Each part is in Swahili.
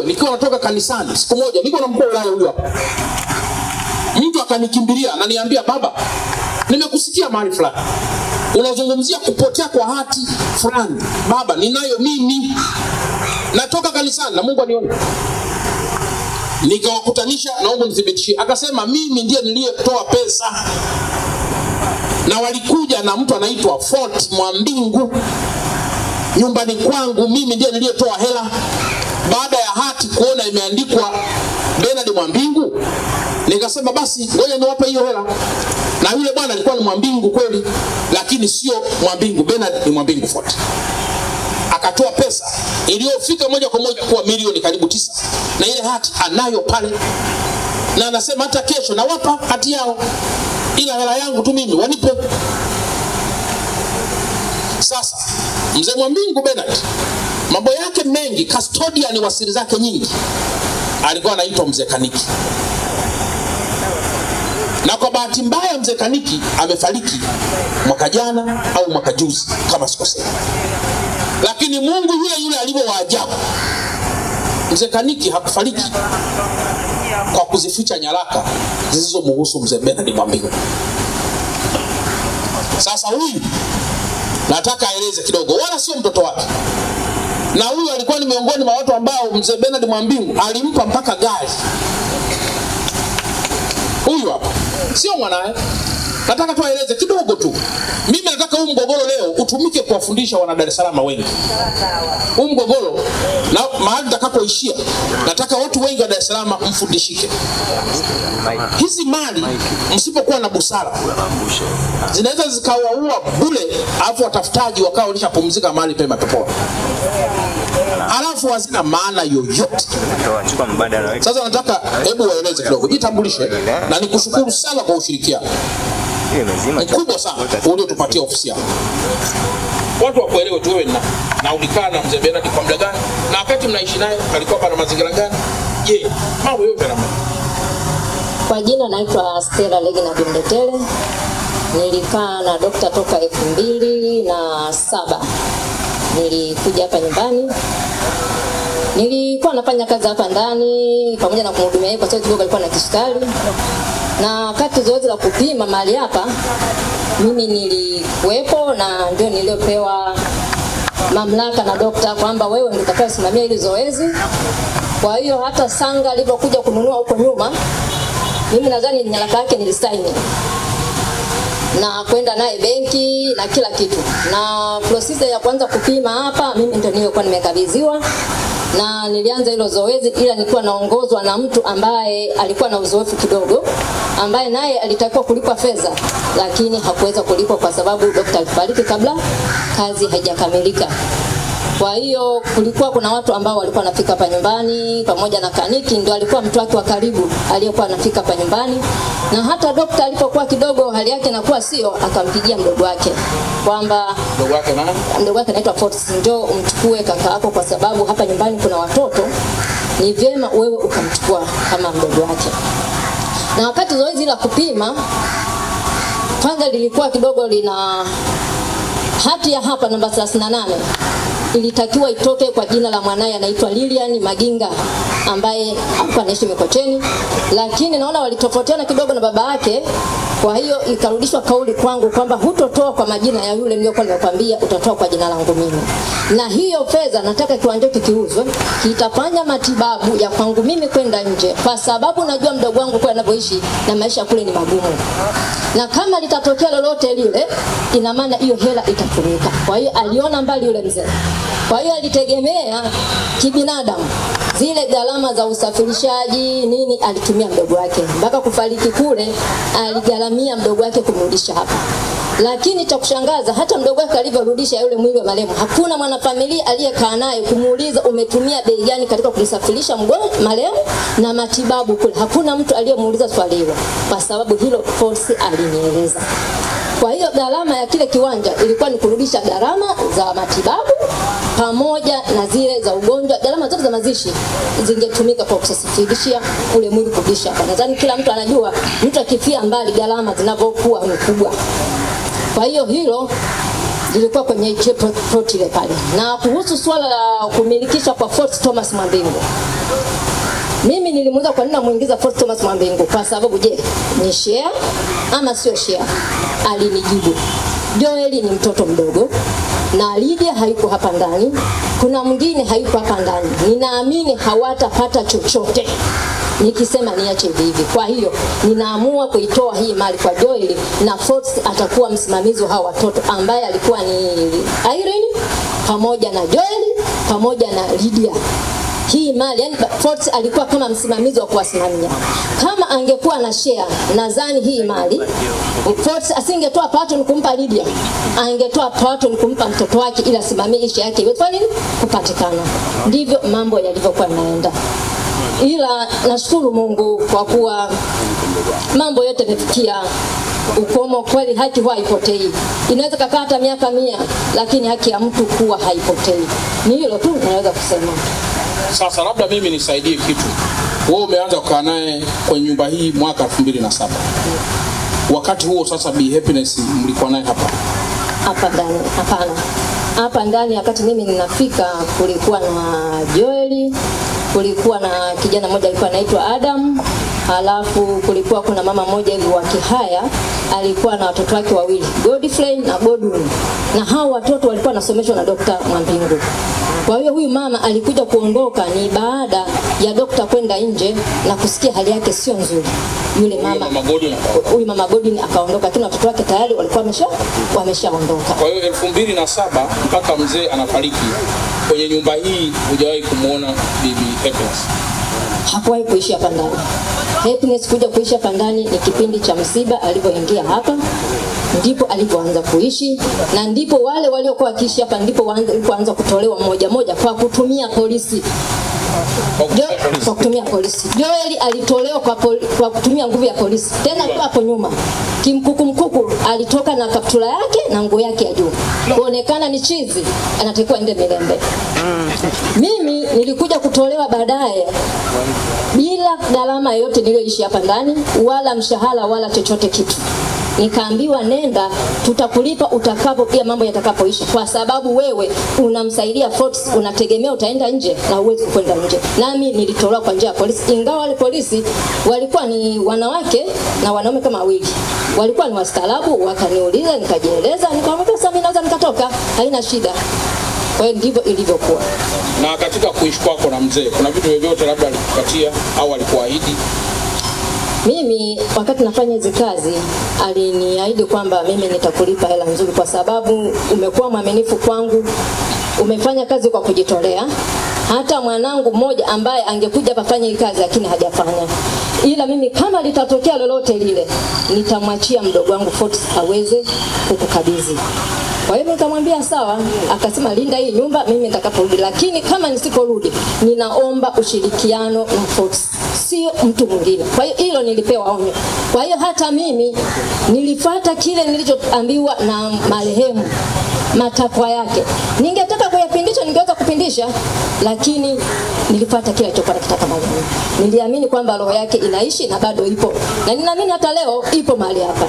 mwenyewe nikiwa natoka kanisani siku moja, niko na mkuu wa huyo hapa, mtu akanikimbilia ananiambia baba, nimekusikia mahali fulani unazungumzia kupotea kwa hati fulani. Baba, ninayo mimi, natoka kanisani na Mungu anione nikawakutanisha naomba nithibitishie. Akasema mimi ndiye niliyetoa pesa, na walikuja na mtu anaitwa Fort Mwambingu nyumbani kwangu, mimi ndiye niliyetoa hela baada ya hati kuona imeandikwa Bernard Mwambingu, nikasema basi ngoja niwape hiyo hela. Na yule bwana alikuwa ni Mwambingu kweli, lakini sio Mwambingu Bernard, ni Mwambingu fote. Akatoa pesa iliyofika moja kwa moja kuwa milioni karibu tisa, na ile hati anayo pale, na anasema hata kesho nawapa hati yao, ila hela yangu tu mimi wanipe sasa Mzee Mwambingu Bernard mambo yake mengi, custodian wa siri zake nyingi alikuwa anaitwa mzee Kaniki, na kwa bahati mbaya mzee Kaniki amefariki mwaka jana au mwaka juzi kama sikosea, lakini Mungu yule yule alivyo mzee Kaniki hakufariki kwa kuzificha nyaraka zisizomhusu mzee Bernard Mwambingu. Sasa huyu nataka aeleze kidogo, wala sio mtoto wake. Na huyu alikuwa ni miongoni mwa watu ambao mzee Bernard Mwambingu alimpa mpaka gari. Huyu hapa sio mwanae. Nataka tuwaeleze kidogo tu. Mimi nataka huu mgogoro leo utumike kuwafundisha wana Dar es Salaam wengi. Huu mgogoro na mahali utakapoishia, nataka watu wengi wa Dar es Salaam mfundishike. Hizi mali msipokuwa na busara zinaweza zikawaua bure, alafu watafutaji wakao walishapumzika mahali pema peponi, alafu hazina maana yoyote. Sasa nataka hebu waeleze kidogo, jitambulishe na nikushukuru sana kwa ushirikiano. Eh, mkubwa sana uliotupatia ofisi yako. Watu wakuelewe tu wewe na, na ulikaa na mzee Bernard kwa muda gani na wakati mnaishi naye alikuwa pana mazingira gani? Je, mambo yote na kwa jina naitwa Stella Legina Bindetele. Nilikaa na dokta toka elfu mbili na saba nilikuja hapa nyumbani Nilikuwa nafanya kazi hapa ndani pamoja na kumhudumia yeye, kwa sababu kidogo alikuwa na kisukari, na wakati zoezi la kupima mali hapa mimi nilikuwepo, na ndio niliopewa mamlaka na dokta kwamba wewe ndio utakayesimamia hili zoezi. Kwa hiyo hata Sanga alipokuja kununua huko nyuma, mimi nadhani nyaraka yake nilisaini na kwenda naye benki na kila kitu, na prosesa ya kwanza kupima hapa mimi ndio niliyokuwa nimekabidhiwa na nilianza hilo zoezi, ila nilikuwa naongozwa na mtu ambaye alikuwa na uzoefu kidogo, ambaye naye alitakiwa kulipwa fedha, lakini hakuweza kulipwa kwa sababu daktari alifariki kabla kazi haijakamilika. Kwa hiyo kulikuwa kuna watu ambao walikuwa wanafika hapa nyumbani pamoja na kaniki, ndio alikuwa mtu wake wa karibu aliyekuwa anafika hapa nyumbani, na hata daktari alipokuwa kidogo hali yake inakuwa sio, akampigia mdogo wake kwamba mdogo wake nani, mdogo wake anaitwa Fortis, njoo umchukue kaka yako, kwa sababu hapa nyumbani kuna watoto, ni vyema wewe ukamchukua kama mdogo wake. Na wakati zoezi la kupima kwanza lilikuwa kidogo lina hati ya hapa namba 38 ilitakiwa itoke kwa jina la mwanaye anaitwa Lilian Maginga ambaye hapa anaishi Mikocheni, lakini naona walitofautiana kidogo na baba yake. Kwa hiyo ikarudishwa kauli kwangu kwamba hutotoa kwa majina ya yule niliyokuwa nimekwambia, utatoa kwa jina langu mimi, na hiyo fedha nataka kiwanja kikiuzwe, kitafanya matibabu ya kwangu mimi kwenda nje, kwa sababu najua mdogo wangu kwa anavyoishi na maisha kule ni magumu, na kama litatokea lolote lile, ina maana hiyo hela itatumika. Kwa hiyo aliona mbali yule mzee. Kwa hiyo alitegemea kibinadamu zile gharama za usafirishaji nini, alitumia mdogo wake mpaka kufariki kule, aligharamia mdogo wake kumrudisha hapa. Lakini cha kushangaza, hata mdogo wake alivyorudisha yule mwili wa marehemu, hakuna mwanafamilia aliyekaa naye kumuuliza umetumia bei gani katika kumsafirisha mgonjwa marehemu na matibabu kule. Hakuna mtu aliyemuuliza swali hilo, kwa sababu hilo force alinieleza. Kwa hiyo gharama ya kile kiwanja ilikuwa ni kurudisha gharama za matibabu pamoja na zile za ugonjwa, gharama zote za mazishi zingetumika kwa kusasifishia ule mwili kurudisha. Nadhani kila mtu anajua mtu akifia mbali gharama zinavyokuwa ni kubwa. Kwa hiyo hilo lilikuwa kwenye report ile pale. Na kuhusu swala la kumilikishwa kwa Fort Thomas Mwambingu, mimi nilimuuliza kwa nini namuingiza Fort Thomas Mwambingu, kwa sababu je, ni share ama sio share? alinijibu, Joeli ni mtoto mdogo na Lidia hayuko hapa ndani, kuna mwingine hayuko hapa ndani, ninaamini hawatapata chochote nikisema niache hivi hivi. Kwa hiyo ninaamua kuitoa hii mali kwa Joeli na Fox atakuwa msimamizi wa hawa watoto ambaye alikuwa ni Irene pamoja na Joeli pamoja na Lidia hii mali yani, Fort alikuwa kama msimamizi wa kuwasimamia. Kama angekuwa na share, nadhani hii mali Fort asingetoa pato ni kumpa Lydia, angetoa pato ni kumpa mtoto wake, ili asimamie share yake iwe kwa nini kupatikana. Ndivyo mambo yalivyokuwa yanaenda, ila nashukuru Mungu kwa kuwa mambo yote yamefikia ukomo. Kweli haki huwa haipotei, inaweza kukaa hata miaka mia, lakini haki ya mtu kuwa haipotei. Ni hilo tu naweza kusema. Sasa labda mimi nisaidie kitu, wewe umeanza kukaa naye kwenye nyumba hii mwaka 2007 wakati huo sasa, Bi Happiness mlikuwa naye hapa hapa ndani? Hapana, hapa ndani wakati mimi ninafika kulikuwa na Joeli, kulikuwa na kijana mmoja alikuwa anaitwa Adam, halafu kulikuwa kuna mama mmoja hivi wa Kihaya alikuwa na watoto wake wawili Godfrey na Godwin, na hao watoto walikuwa wanasomeshwa na Dr. Mwambingu. Kwa hiyo huyu mama alikuja kuondoka ni baada ya dokta kwenda nje na kusikia hali yake sio nzuri. Yule mama huyu mama Godwin akaondoka, lakini watoto wake tayari walikuwa wamesha wameshaondoka. Kwa hiyo elfu mbili na saba mpaka mzee anafariki kwenye nyumba hii hujawahi kumwona Bibi Happiness? Hakuwahi kuishi hapa ndani. Happiness kuja kuishi ndani ni kipindi cha msiba, alivyoingia hapa ndipo alipoanza kuishi na ndipo wale waliokuwa wakiishi hapa ndipo walipoanza kutolewa moja moja kwa kutumia polisi. kwa kutumia polisi. Joeli alitolewa kwa, poli, kwa kutumia nguvu ya polisi. Tena hapo nyuma, kimkukumkuku alitoka na kaptula yake na nguo yake ya juu kuonekana ni chizi, anatakiwa ende Milembe. Mimi nilikuja kutolewa baadaye bila gharama yoyote niliyoishi hapa ndani, wala mshahara wala chochote kitu. Nikaambiwa nenda, tutakulipa utakapo, pia mambo yatakapoisha, kwa sababu wewe unamsaidia Fortis, unategemea utaenda nje na uwezi kwenda nje. Nami nilitolewa kwa njia ya polisi, ingawa wale polisi walikuwa ni wanawake na wanaume kama wawili, walikuwa ni wastaarabu. Wakaniuliza, nikajieleza, nikamwambia sasa mimi naweza nikatoka, haina shida. Kwa hiyo ndivyo ilivyokuwa. Na katika kuishi kwako na mzee, kuna vitu vyovyote labda alikupatia au alikuahidi? Mimi wakati nafanya hizi kazi aliniahidi kwamba mimi nitakulipa hela nzuri, kwa sababu umekuwa mwaminifu kwangu, umefanya kazi kwa kujitolea. Hata mwanangu mmoja ambaye angekuja afanye hii kazi lakini hajafanya, ila mimi kama litatokea lolote lile, nitamwachia mdogo wangu Fortis aweze kukukabidhi. Kwa hivyo nikamwambia sawa, akasema linda hii nyumba mimi nitakaporudi, lakini kama nisiporudi, ninaomba ushirikiano na Fox, sio mtu mwingine. Kwa hiyo hilo nilipewa onyo. Kwa hiyo hata mimi nilifata kile nilichoambiwa na marehemu, matakwa yake. Ningetaka kuyapindisha, ningeweza kupindisha, lakini nilipata kile nilichokuwa nakitaka marehemu. Niliamini kwamba roho yake inaishi na bado ipo, na ninaamini hata leo ipo mahali hapa.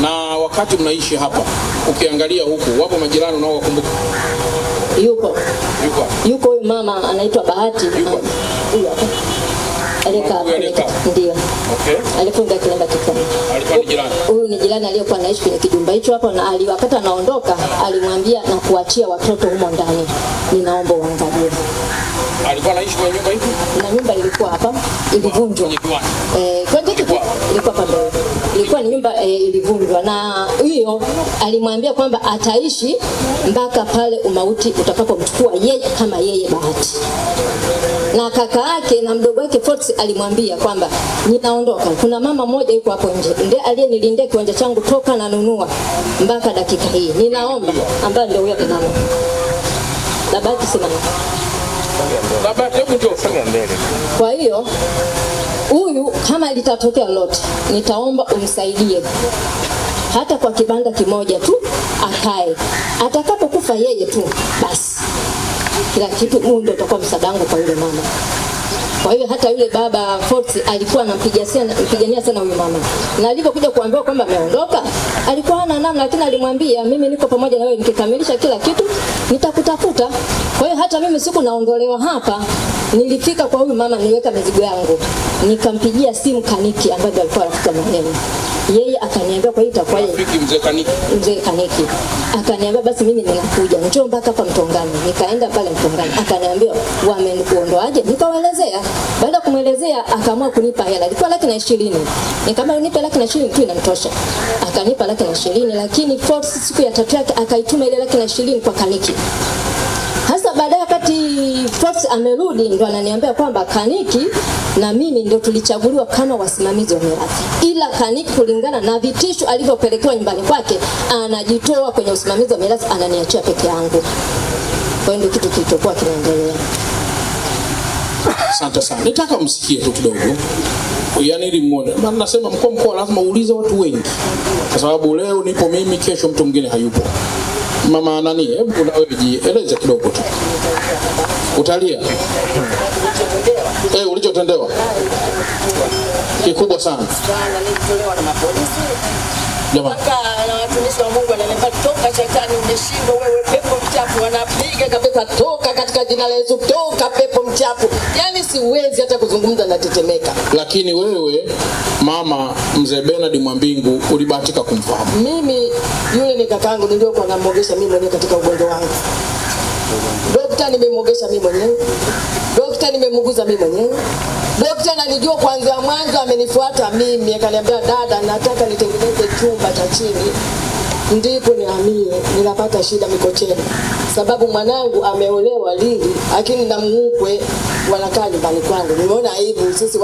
Na wakati mnaishi hapa ukiangalia huku, wapo majirani unaowakumbuka? Yuko yuko yuko huyu mama anaitwa Bahati, yuko huyo hapa ndio alifunga kilemba kikoni. Huyu ni jirani aliyokuwa anaishi kwenye kijumba hicho hapo, na aliwakata anaondoka alimwambia na kuachia watoto humo ndani, ninaomba uangalie Alikuwa anaishi kwa nyumba hiyo? Na nyumba ilikuwa hapa, ilivunjwa. Eh, kwa nini ilikuwa hapa ndio? Ilikuwa ni nyumba eh, ilivunjwa na hiyo alimwambia kwamba ataishi mpaka pale umauti utakapomchukua yeye kama yeye Bahati. Na kaka yake na mdogo wake Fox alimwambia kwamba ninaondoka. Kuna mama mmoja yuko hapo nje. Ndiye aliyenilindia kiwanja changu toka na nunua mpaka dakika hii. Ninaomba ambaye ndio huyo kaka. Labaki sina. Kwa hiyo huyu kama litatokea lote nitaomba umsaidie hata kwa kibanda kimoja tu akae, atakapokufa yeye tu basi kila kitu, huu ndio utakuwa msaada wangu kwa yule mama. Kwa hiyo hata yule baba Fort alikuwa anampigia sana mpigania sana huyu mama, na alipokuja kuambiwa kwamba ameondoka, alikuwa hana namna, lakini alimwambia mimi niko pamoja na wewe, nikikamilisha kila kitu nitakutafuta. Kwa hiyo hata mimi siku naondolewa hapa, nilifika kwa huyu mama, niweka mizigo yangu, nikampigia simu Kaniki ambaye alikuwa rafiki wa yeye akaniambia kwa hiyo itakuwaje? Mzee Kaniki. Mzee Kaniki. Akaniambia basi mimi ninakuja. Njoo mpaka hapa Mtongani. Nikaenda pale Mtongani. Akaniambia wamenikuondoaje? Nikawaelezea. Baada kumwelezea akaamua kunipa hela. Ilikuwa laki na ishirini. Nikamwambia unipe laki na ishirini tu inanitosha. Akanipa laki na ishirini lakini force siku ya tatu yake akaituma ile laki na ishirini kwa Kaniki wakati amerudi ndo ananiambia kwamba Kaniki na mimi ndio tulichaguliwa kama wasimamizi wa mirathi, ila Kaniki kulingana na vitisho alivyopelekewa nyumbani kwake anajitoa kwenye usimamizi wa mirathi, ananiachia peke yangu. Kwa hiyo ndio kitu kilichokuwa kinaendelea. Asante sana, nitaka msikie tu kidogo yani ili muone. Maana nasema mkoa mkoa lazima uulize watu wengi, kwa sababu leo nipo mimi, kesho mtu mwingine hayupo. Mama nani, hebu na wewe jieleze kidogo tu utalia eh, ulichotendewa kikubwa sana toka, katika jina toka pepo mchafu. Yani hata kuzungumza, natetemeka. Lakini wewe mama, mzee Bernard Mwambingu, ulibahatika kumfahamu. Mimi yule ni kakaangu niliyokuwa namwogesha mimi mwenyewe katika ugonjwa wangu Dokta nimemwogesha mimi mwenyewe, dokta nimemuguza mimi mwenyewe, dokta nalijua kwanza mwanzo, amenifuata mimi, akaniambia dada, nataka nitengeneze chumba cha chini ndipo niamie Ninapata shida Mikocheni sababu mwanangu ameolewa Lili, lakini na mkwe wanakaa nyumbani kwangu. Nimeona aibu sisi